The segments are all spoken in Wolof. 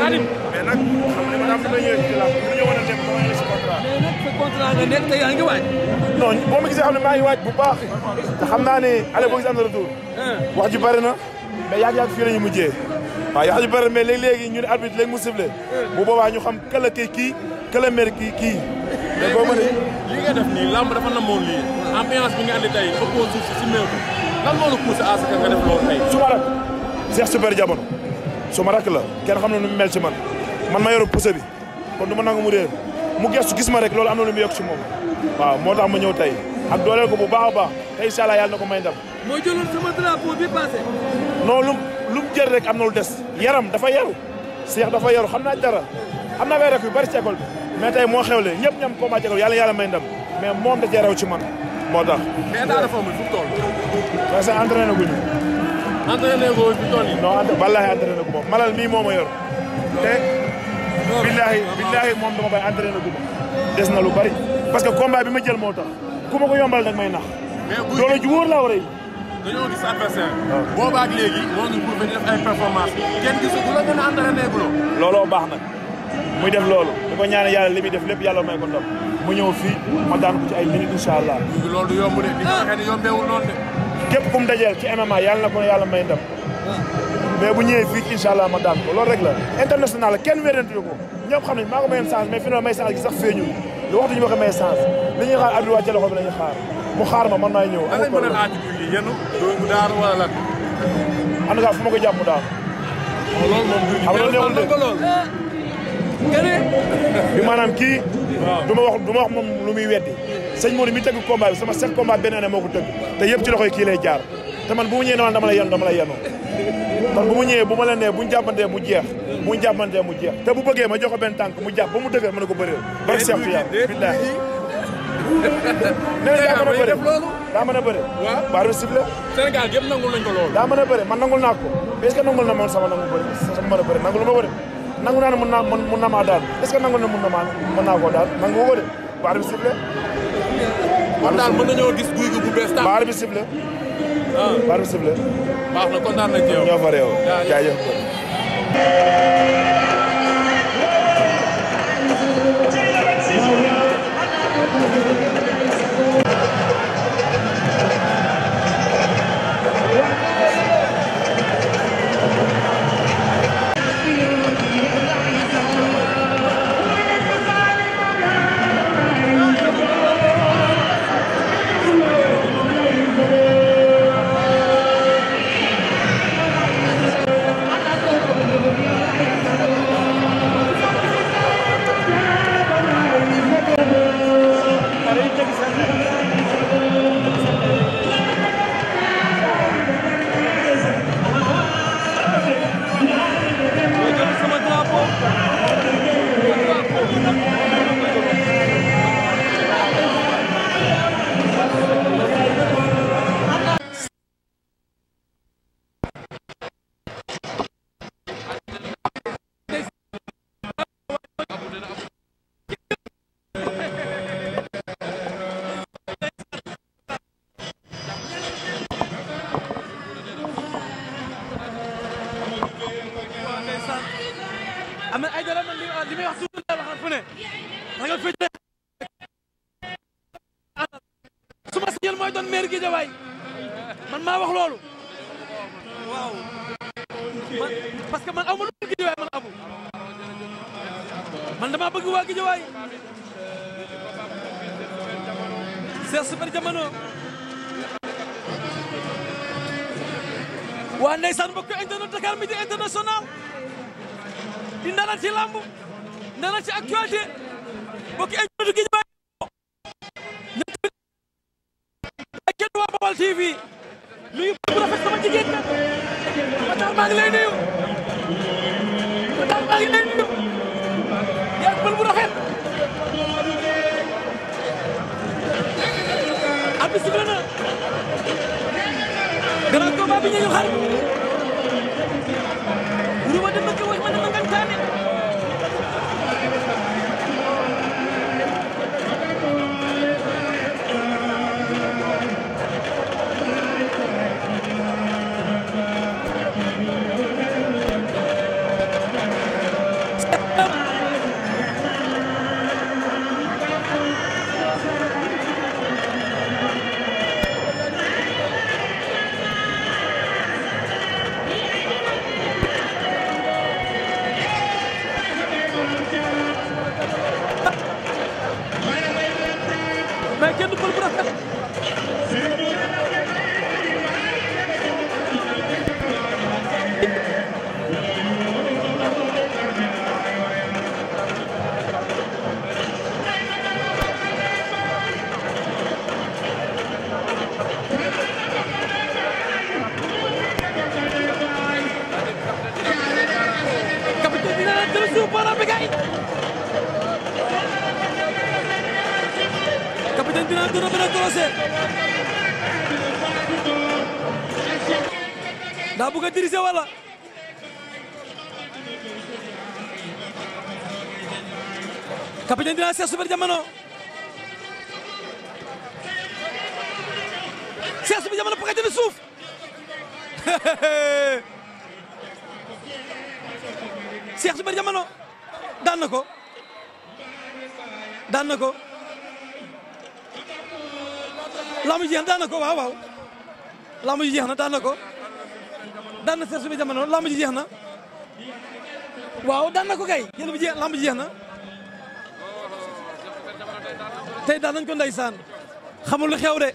Khadim Khadim. mais nag xam ne maanaam dina yëg ci la dina ñëwoon a dem ba yëg si contrat. mais nag sa contrat nga nekk te yaa ngi waaj. non boo ma gisee xam ne maa ngi waaj bu baax. te xam naa ne allez boo gisee am na retour. wax ji bëri na. mais yàgg yàgg fii la ñu mujjee. waaw wax ji bëri na mais léegi-léegi ñu ne arbitre léegi mu sifflé. bu boobaa ñu xam këla kii kii këla mer kii kii. mais boo ma ne li nga def nii lamb dafa namoon lii. ambiance bi nga andi tey foofu woon suuf si si néew lan moo la poussé à ce que nga def loolu tey. su ma rek Cheikh Super Diamono su ma rakk la kenn xam ne nu mu mel ci man man ma yoru pousse bi kon du ma nangu mu réer mu gestu gis ma rek loolu am na lu mu yokk ci moom waaw moo tax ma ñëw tey ak dooleel ko bu baax a baax te incha allah yàlla ko may ndam. moo jëloon sama drapeau bi passé. non lu lu mu rek am na lu des. yaram dafa yaru Cheikh dafa yaru xam naa dara am na ay rek yu bari ci école bi mais tey moo xewle ñëpp ñam combat ci école yàlla yàlla may ndam mais moom da cee ci man moo tax. mais entraîné ko gu ma malal mii moo ma yor. te billaahi moom dama bay entraîné gu ma. des na lu bari parce que combat bi ma jël moo tax ku ma ko yombal nag may nax. loolu ju moo ngi pour def la gën a entraîné loo. baax nag muy def loolu. di ko ñaanal yàlla li muy def lépp yàlla may ko mu ñëw fii ma daan ay minutes incha allah. loolu képp kum dajeel ci MMA yàlla na ko yàlla may ndam mais bu ñëwee fii incha allah ma daan ko loolu la international la kenn wérante ko ñoom xam nañ maa ko mayoon chance mais fi na may chance gi sax feeñul lu waxtu ñu ma ko may chance li xaar abdou wàcce loxo bi xaar mu xaar ma man naa ñëw lan lañ mën a laaj bi yenu mu daanu wala lan en tout cas fu ma ko jàpp mu daanu xam loolu neexul de bi ma wax du ma wax moom muy weddi sëñ Mourou mi tëgg combat bi sama set combat benn année moo ko tëgg te yëpp ci loxoy kii lay jaar te man bu mu ñëwee dama la yenu dama la yenoo man bu mu ñëwee bu ma la nee bu ñu mu jeex bu ñu jàppantee mu jeex te bu bëggee ma jox ko tànk mu jàpp ba mu dëgër ma ne ko bëreel barke Seex Tijaan billaay nee daa mën a daa mën a bëre baar bi sifflé Sénégal yëpp nangul nañ ko loolu daa mën a bëre man nangul naa ko est nangul na moom sama nangu bëri a nangul ma bëri nangu naa ne mun naa na maa daal est-ce que nangul na mun na maa daal nangu ko de baar bi sifflé parabéns daal parabéns nañoo parabéns guy gi bu bees. baar bi sifle. ah baar bi sifle. baax na kontaan nañ ci yow ñoo kan mooy doon maire Guédiawaye man maa wax loolu. waaw. man parce que man aw lu dul Guédiawaye man abu man dama bëgg waa Guédiawaye. Cheikh Super Diamono. waa ndeysaan mbokk internet international di ndana ci lamb ndana ci actualité mbokk internet TV nuyu bu rafet sama jigéen ña Matar maa ngi lay nuyu Matar maa ngi lay nuyu yaag bël bu rafet ab bi sifflé na grand combat bi ñu xar Rouba dem na Vai tendo pelo processo. lancer daa bëgg a diriger wala capitaine dina Cheikh Super Diamono Cheikh Super Diamono pakate na suuf daan na ko daan na ko lamb ji jeex na ko waaw waaw lamb ji jeex na daan na ko daan na Serigne Soumbé jamono lamb ji jeex na waaw daan ko kay jël bu ji jeex tey daan nañ ko ndeysaan xamul lu xew de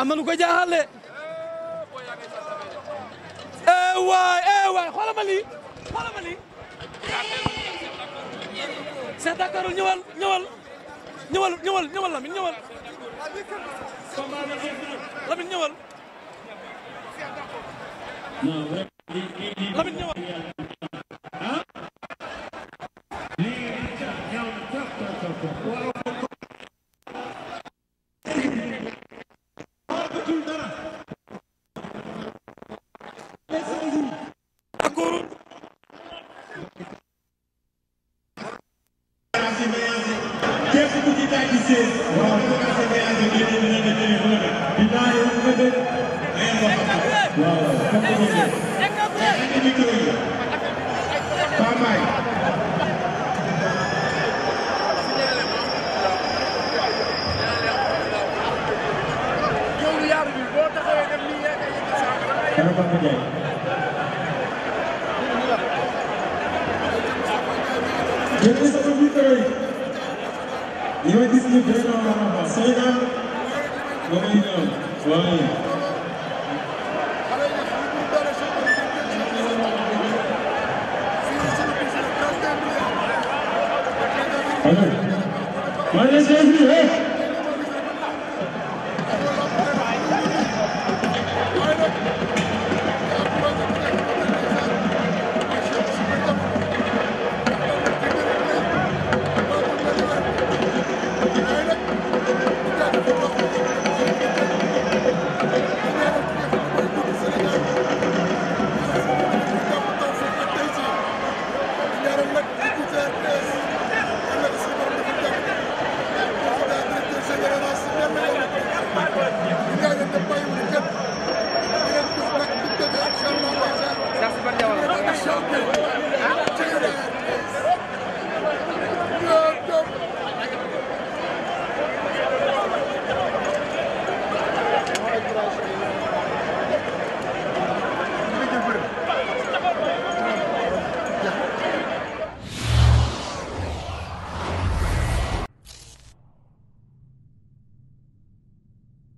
am ko jaaxal de eh waay eh waay xoolal ma ñëwal ñëwal ñëwal Lamine ñëwal. Lamine ñëwal. Lamine ñëwal. 여러분에게 그래서 우리들이 이번 디스니 브레이크라고 봤어요. 너네는 좋아해요. 안녕하세요.